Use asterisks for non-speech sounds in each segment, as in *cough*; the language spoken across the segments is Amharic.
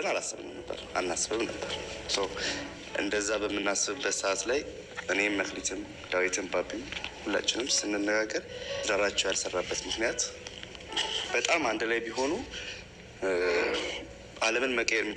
ብለን አላሰብንም ነበር አናስብም ነበር። እንደዛ በምናስብበት ሰዓት ላይ እኔም መክሊትም ዳዊትም ባቢ ሁላችንም ስንነጋገር ዘራቸው ያልሰራበት ምክንያት በጣም አንድ ላይ ቢሆኑ ዓለምን መቀየር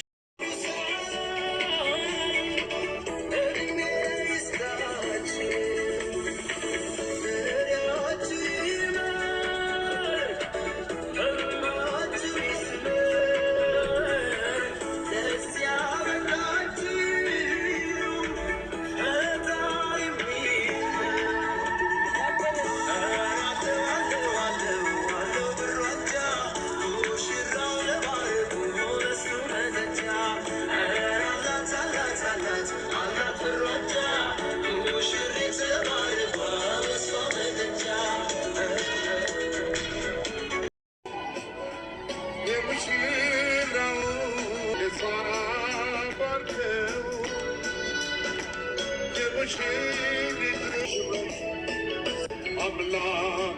Welcome,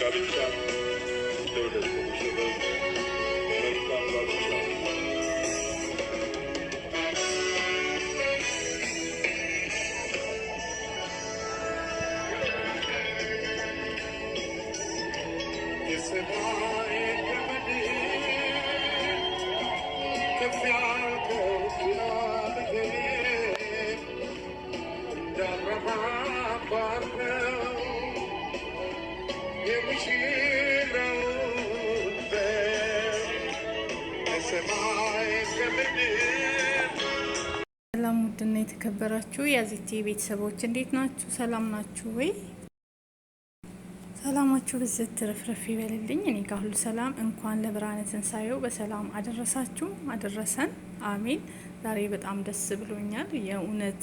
Gabi-chan. Beautiful. ሰላም ውድና የተከበራችሁ የአዜቲ ቤተሰቦች እንዴት ናችሁ? ሰላም ናችሁ ወይ? ሰላማችሁ ብዝት ትርፍርፍ ይበልልኝ። እኔ ጋር ሁሉ ሰላም። እንኳን ለብርሃነ ትንሣኤው በሰላም አደረሳችሁ አደረሰን። አሜን ዛሬ በጣም ደስ ብሎኛል። የእውነት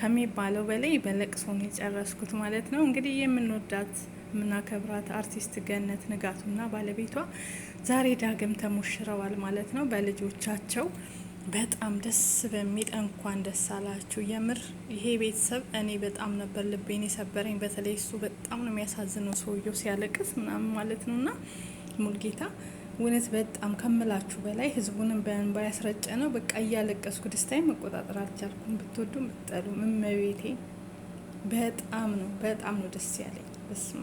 ከሚባለው በላይ በለቅሶ ነው የጨረስኩት ማለት ነው። እንግዲህ የምንወዳት የምናከብራት አርቲስት ገነት ንጋቱና ባለቤቷ ዛሬ ዳግም ተሞሽረዋል ማለት ነው በልጆቻቸው በጣም ደስ በሚል እንኳን ደስ አላችሁ። የምር ይሄ ቤተሰብ እኔ በጣም ነበር ልቤን የሰበረኝ። በተለይ እሱ በጣም ነው የሚያሳዝነው ሰውየው ሲያለቅስ ምናምን ማለት ነው እና ሙልጌታ እውነት በጣም ከምላችሁ በላይ ህዝቡንም በእንባ ያስረጨ ነው። በቃ እያለቀስኩ ደስታዬ መቆጣጠር አልቻልኩም። ብትወዱም ብትጠሉም እመቤቴ በጣም ነው በጣም ነው ደስ ያለኝ። በስማ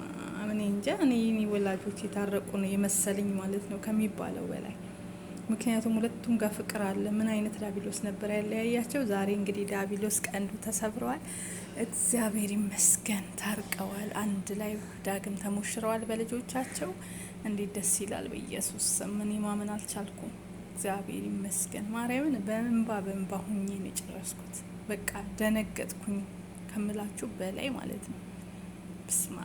እኔ እንጃ እኔ የኔ ወላጆች የታረቁ ነው የመሰለኝ ማለት ነው ከሚባለው በላይ ምክንያቱም ሁለቱም ጋር ፍቅር አለ። ምን አይነት ዳቢሎስ ነበር ያለያያቸው? ዛሬ እንግዲህ ዳቢሎስ ቀንዱ ተሰብረዋል። እግዚአብሔር ይመስገን ታርቀዋል። አንድ ላይ ዳግም ተሞሽረዋል በልጆቻቸው እንዴት ደስ ይላል። በኢየሱስ ስም እኔ ማመን አልቻልኩም። እግዚአብሔር ይመስገን። ማርያምን በእንባ በእንባ ሁኜ ነው የጨረስኩት። በቃ ደነገጥኩኝ ከምላችሁ በላይ ማለት ነው። ብስማ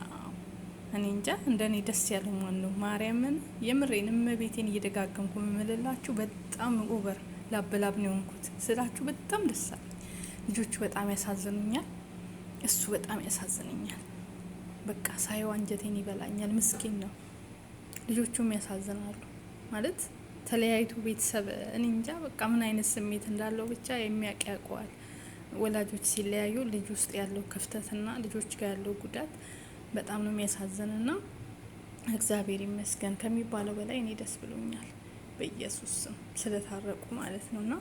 እኔ እንጃ እንደ እኔ ደስ ያለው ማን ነው? ማርያምን የምሬን እመቤቴን እየደጋገምኩ የምመለላችሁ በጣም ኦቨር ላበላብ ነው የሆንኩት ስላችሁ በጣም ደስ አለኝ። ልጆቹ በጣም ያሳዝኑኛል፣ እሱ በጣም ያሳዝነኛል። በቃ ሳየው አንጀቴን ይበላኛል። ምስኪን ነው። ልጆቹም ያሳዝናሉ ማለት ተለያይቱ ቤተሰብ እኔ እንጃ በቃ ምን አይነት ስሜት እንዳለው ብቻ የሚያውቅ ያውቀዋል። ወላጆች ሲለያዩ ልጅ ውስጥ ያለው ክፍተትና ልጆች ጋር ያለው ጉዳት በጣም ነው የሚያሳዝን እግዚአብሔር ይመስገን ከሚባለው በላይ እኔ ደስ ብሎኛል። በኢየሱስ ስም ስለታረቁ ማለት ነው እና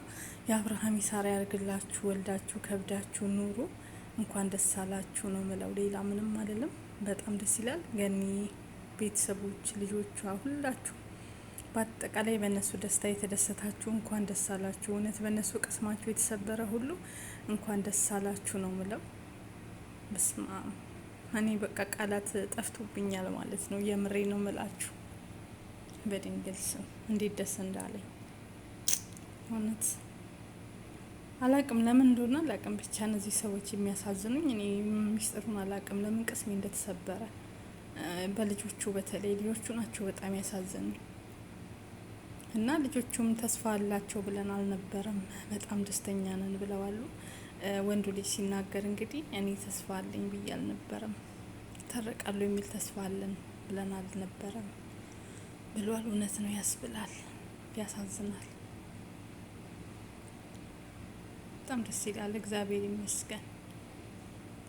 የአብርሃም ይሳራ ያርግላችሁ። ወልዳችሁ ከብዳችሁ ኑሩ። እንኳን ደስ አላችሁ ነው ምለው። ሌላ ምንም አይደለም። በጣም ደስ ይላል ገኒ ቤተሰቦች፣ ልጆቿ ሁላችሁ በአጠቃላይ በእነሱ ደስታ የተደሰታችሁ እንኳን ደስ አላችሁ። እውነት በእነሱ ቅስማችሁ የተሰበረ ሁሉ እንኳን ደስ አላችሁ ነው ምለው። በስማ እኔ በቃ ቃላት ጠፍቶብኛል ማለት ነው። የምሬ ነው ምላችሁ በድንግል ስም እንዴት ደስ እንዳለኝ እውነት አላቅም ለምን እንደሆነ አላቅም። ብቻ እነዚህ ሰዎች የሚያሳዝኑኝ እኔ ሚስጥሩን አላቅም ለምን ቅስሜ እንደተሰበረ በልጆቹ በተለይ ልጆቹ ናቸው በጣም ያሳዘኑ እና ልጆቹም ተስፋ አላቸው ብለን አልነበረም፣ በጣም ደስተኛ ነን ብለዋሉ። ወንዱ ልጅ ሲናገር እንግዲህ እኔ ተስፋ አለኝ ብዬ አልነበረም፣ ተረቃሉ የሚል ተስፋ አለን ብለን አልነበረም ብሏል። እውነት ነው ያስብላል፣ ያሳዝናል። በጣም ደስ ይላል። እግዚአብሔር ይመስገን።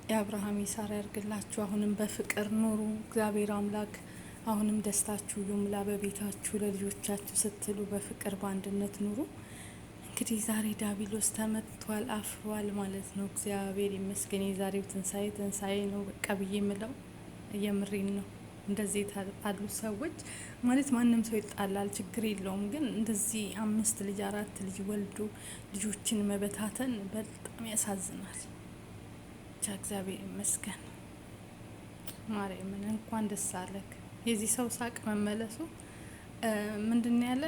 የአብርሃም የሳራ ያርግላችሁ። አሁንም በፍቅር ኑሩ። እግዚአብሔር አምላክ አሁንም ደስታችሁ ይሙላ በቤታችሁ፣ ለልጆቻችሁ ስትሉ በፍቅር በአንድነት ኑሩ። እንግዲህ ዛሬ ዳቢሎስ ተመቷል፣ አፍሯል ማለት ነው። እግዚአብሔር ይመስገን የዛሬው ትንሳኤ ትንሳኤ ነው በቃ ብዬ ምለው የምሬን ነው። እንደዚህ የጣሉ ሰዎች ማለት ማንም ሰው ይጣላል፣ ችግር የለውም። ግን እንደዚህ አምስት ልጅ አራት ልጅ ወልዶ ልጆችን መበታተን በጣም ያሳዝናል። ብቻ እግዚአብሔር ይመስገን። ማርያምን እንኳን ደስ አለክ። የዚህ ሰው ሳቅ መመለሱ ምንድን ያለ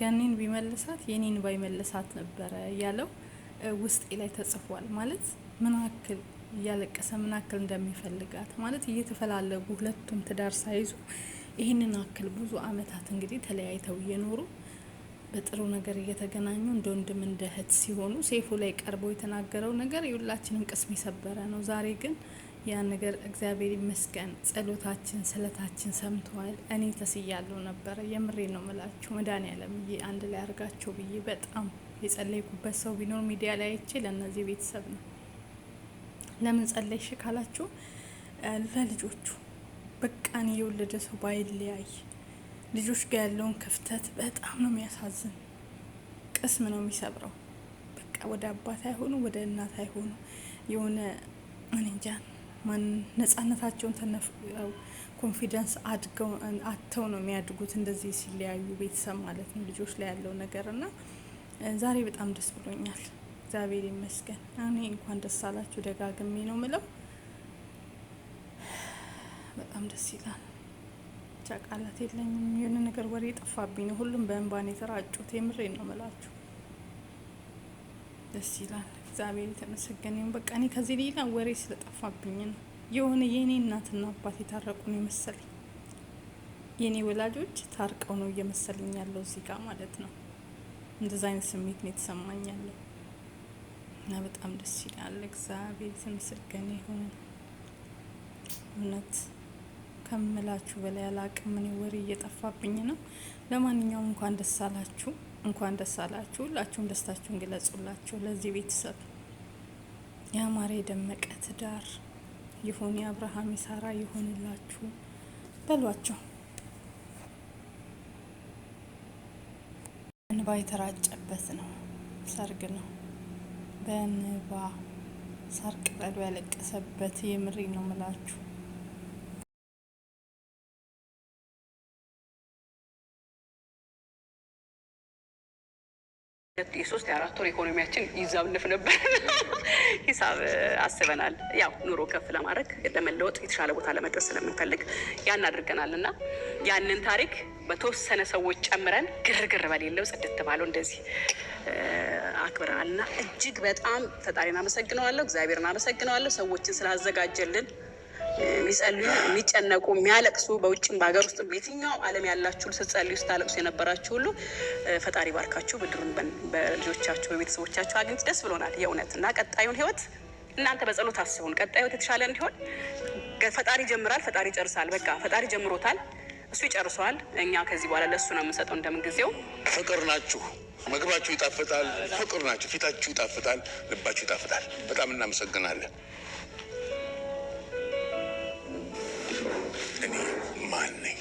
ገኒን ቢመልሳት የኔን ባይመልሳት ነበረ ያለው ውስጤ ላይ ተጽፏል። ማለት ምን አክል እያለቀሰ ምን አክል እንደሚፈልጋት ማለት እየተፈላለጉ ሁለቱም ትዳር ሳይዙ ይህንን አክል ብዙ አመታት እንግዲህ ተለያይተው እየኖሩ በጥሩ ነገር እየተገናኙ እንደ ወንድም እንደ እህት ሲሆኑ ሴፉ ላይ ቀርቦ የተናገረው ነገር የሁላችንም ቅስም የሰበረ ነው። ዛሬ ግን ያ ነገር እግዚአብሔር ይመስገን ጸሎታችን፣ ስለታችን ሰምተዋል። እኔ ተስያለሁ ነበረ። የምሬ ነው ምላችሁ መድኃኒዓለም ብዬ አንድ ላይ አድርጋቸው ብዬ በጣም የጸለይኩበት ሰው ቢኖር ሚዲያ ላይ አይቼ ለእነዚህ ቤተሰብ ነው። ለምን ጸለይሽ ካላችሁ ለልጆቹ በቃ እኔ የወለደ ሰው ባይለያይ ልጆች ጋር ያለውን ክፍተት በጣም ነው የሚያሳዝን። ቅስም ነው የሚሰብረው። በቃ ወደ አባት አይሆኑ ወደ እናት አይሆኑ የሆነ እንጃ ማን ነጻነታቸውን ተነፍቀው ኮንፊደንስ አድገው አጥተው ነው የሚያድጉት። እንደዚህ ሲለያዩ ቤተሰብ ማለት ነው ልጆች ላይ ያለው ነገር እና ዛሬ በጣም ደስ ብሎኛል። እግዚአብሔር ይመስገን። እኔ እንኳን ደስ አላችሁ ደጋግሜ ነው ምለው። በጣም ደስ ይላል። ብቻ ቃላት የለኝም። የሆነ ነገር ወሬ የጠፋብኝ ነው። ሁሉም በእንባን የተራጩት የምሬ ነው ምላችሁ። ደስ ይላል። እግዚአብሔር የተመሰገነ ይሁን። በቃ እኔ ከዚህ ሌላ ወሬ ስለጠፋብኝ ነው። የሆነ የእኔ እናትና አባት የታረቁ ነው የመሰለኝ። የእኔ ወላጆች ታርቀው ነው እየመሰለኝ ያለው እዚህ ጋር ማለት ነው። እንደዛ አይነት ስሜት ነው የተሰማኝ ያለው እና በጣም ደስ ይላል። እግዚአብሔር የተመሰገነ ይሁን እውነት ከምላችሁ በላይ አላቅም። ምን ወሬ እየጠፋብኝ ነው። ለማንኛውም እንኳን ደስ አላችሁ፣ እንኳን ደስ አላችሁ። ሁላችሁም ደስታችሁን ግለጹላችሁ ለዚህ ቤተሰብ። የአማረ የደመቀ ትዳር ይሁን፣ የአብርሃም የሳራ ይሁንላችሁ በሏቸው። እንባ የተራጨበት ነው፣ ሰርግ ነው። በእንባ ሳር ቅጠሉ ያለቀሰበት የምሬ ነው ምላችሁ የሶስት የአራት ወር ኢኮኖሚያችን ይዛብልፍ ነበር። *laughs* ሂሳብ አስበናል። ያው ኑሮ ከፍ ለማድረግ ለመለወጥ፣ የተሻለ ቦታ ለመድረስ ስለምንፈልግ ያን አድርገናል እና ያንን ታሪክ በተወሰነ ሰዎች ጨምረን ግርግር በሌለው ጽድት ባለው እንደዚህ አክብረናል እና እጅግ በጣም ፈጣሪን አመሰግነዋለሁ፣ እግዚአብሔርን አመሰግነዋለሁ ሰዎችን ስላዘጋጀልን የሚጸልዩ የሚጨነቁ የሚያለቅሱ በውጭም በሀገር ውስጥ በየትኛው ዓለም ያላችሁ ስትጸልዩ ስታለቅሱ የነበራችሁ ሁሉ ፈጣሪ ባርካችሁ ብድሩን በልጆቻችሁ በቤተሰቦቻችሁ አግኝት ደስ ብሎናል። የእውነት እና ቀጣዩን ህይወት እናንተ በጸሎት አስቡን። ቀጣይ ህይወት የተሻለ እንዲሆን ፈጣሪ ይጀምራል፣ ፈጣሪ ይጨርሳል። በቃ ፈጣሪ ጀምሮታል፣ እሱ ይጨርሰዋል። እኛ ከዚህ በኋላ ለእሱ ነው የምንሰጠው። እንደምን ጊዜው ፍቅር ናችሁ። ምግባችሁ ይጣፍጣል። ፍቅር ናችሁ። ፊታችሁ ይጣፍጣል። ልባችሁ ይጣፍጣል። በጣም እናመሰግናለን። any money.